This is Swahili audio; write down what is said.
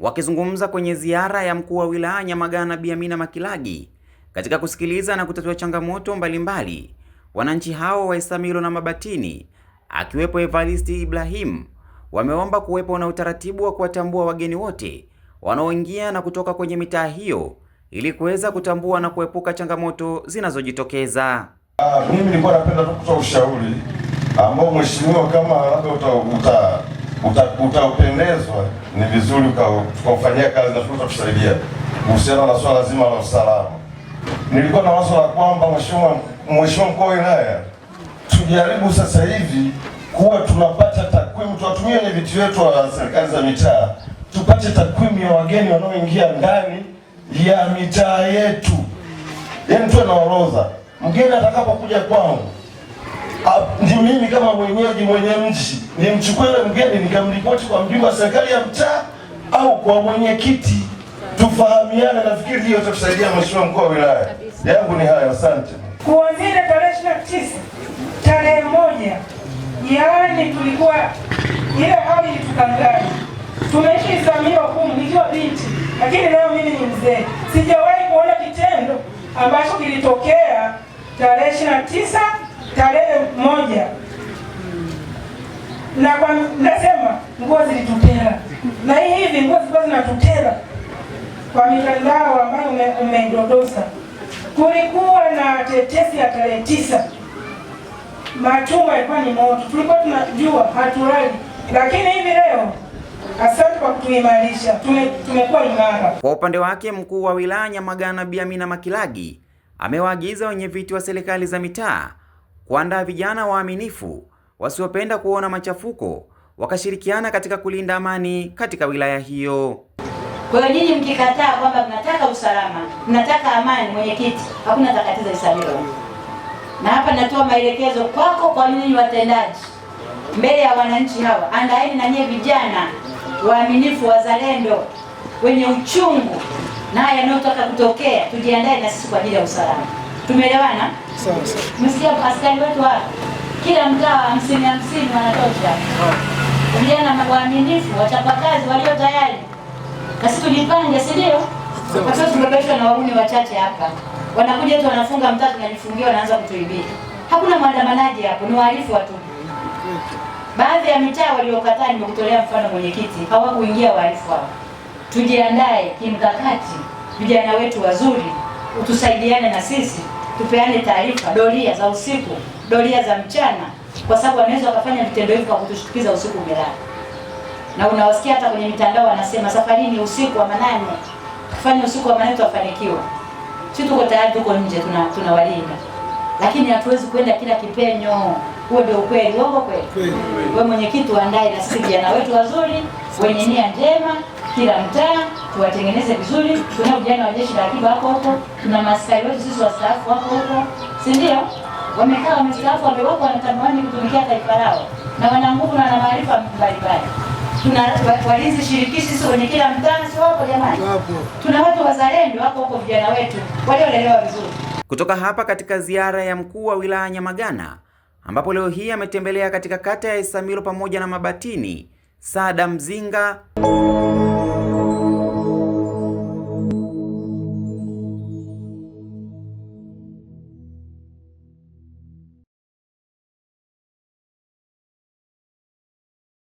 Wakizungumza kwenye ziara ya mkuu wa wilaya Nyamagana Bi Amina Makilagi katika kusikiliza na kutatua changamoto mbalimbali wananchi hao wa Isamilo na Mabatini akiwepo Evaristi Ibrahim wameomba kuwepo na utaratibu wa kuwatambua wageni wote wanaoingia na kutoka kwenye mitaa hiyo ili kuweza kutambua na kuepuka changamoto zinazojitokeza. Ah, mimi nilikuwa napenda tu kutoa ushauri ambao mheshimiwa, kama labda uta utapendezwa ni vizuri ukaufanyia kazi na kusaidia kuhusiana na swala zima la usalama. Nilikuwa na wazo la kwamba mheshimiwa mkuu wa wilaya, tujaribu sasa hivi kuwa tunapata takwimu, tuwatumie wenyeviti wetu wa serikali za mitaa, tupate takwimu ya wageni wanaoingia ndani ya mitaa yetu, yaani tuwe na orodha, mgeni atakapokuja kwangu Ah, ni mimi kama mwenyeji mwenye mji nimchukue yule mgeni nikamripoti kwa mjumbe wa serikali ya mtaa au kwa mwenyekiti, tufahamiane. Nafikiri hiyo itatusaidia mheshimiwa mkuu wa wilaya. Yangu ni hayo, asante. Kuanzia tarehe ishirini na tisa tarehe moja yaani tulikuwa ile hali ilitutangaza tumeishi Samia hukumu nikiwa binti, lakini leo mimi ni mzee. Sijawahi kuona kitendo ambacho kilitokea tarehe ishirini na tisa tarehe moja na kwa nasema nguo zilitutera na hii hivi nguo zilikuwa zinatutera kwa mitandao ambayo umeidodosa. Kulikuwa na tetesi ya tarehe tisa, Matumba yalikuwa ni moto, tulikuwa tunajua hatulali, lakini hivi leo Asante kwa kutuimarisha, tumekuwa imara. Kwa upande wake, mkuu wa wilaya Nyamagana Bi Amina Makilagi amewaagiza wenyeviti wa serikali za mitaa kuandaa vijana waaminifu wasiopenda kuona machafuko wakashirikiana katika kulinda amani katika wilaya hiyo. Kwa hiyo nyinyi mkikataa kwamba mnataka usalama, mnataka amani, mwenyekiti, hakuna takatiza isamewa. Na hapa natoa maelekezo kwako, kwa ninyi watendaji, mbele ya wananchi hawa, andaeni na nyie vijana waaminifu, wazalendo, wenye uchungu na haya yanayotaka kutokea, tujiandae na sisi kwa ajili ya usalama. Tumeelewana? Sawa sawa. Msikia askari wetu hapa. Kila mtaa hamsini hamsini wanatosha. Vijana waaminifu, wachapakazi walio tayari. Na sisi tujipange, si ndio? Kwa sababu tumebaishwa na wahuni wachache hapa. Wanakuja tu wanafunga mtaa tunajifungia wanaanza kutuibia. Hakuna maandamanaji hapo, ni wahalifu watu. Baadhi ya mitaa waliokataa nimekutolea mfano mwenyekiti, hawakuingia wahalifu hao. Tujiandae kimkakati, vijana wetu wazuri, utusaidiane na sisi tupeane taarifa, doria za usiku, doria za mchana, kwa sababu wanaweza wakafanya vitendo hivi kwa kutushtukiza usiku umelala. Na unawasikia hata kwenye mitandao wanasema safari ni usiku wa manane, tufanye usiku wa manane tutafanikiwa. Sisi tuko tayari, tuko nje, tuna tunawalinda, lakini hatuwezi kwenda kila kipenyo. Huo ndio ukweli, uongo kweli. Wewe mwenyekiti, uandae na sisi vijana wetu wazuri wenye nia njema kila mtaa tuwatengeneze vizuri. Tuna vijana wa jeshi la akiba hapo hapo, tuna maskari wetu sisi wastaafu hapo hapo, si ndio? Wamekaa wamestaafu, wamewako, wanatamani kutumikia taifa lao na wana nguvu na wana maarifa mbalimbali. Tuna walinzi shirikishi sio kwenye kila mtaa, sio hapo jamani? Tuna watu wazalendo hapo hapo, vijana wetu waliolelewa vizuri. Kutoka hapa katika ziara ya mkuu wa wilaya Nyamagana ambapo leo hii ametembelea katika kata ya Isamilo pamoja na Mabatini sada Mzinga.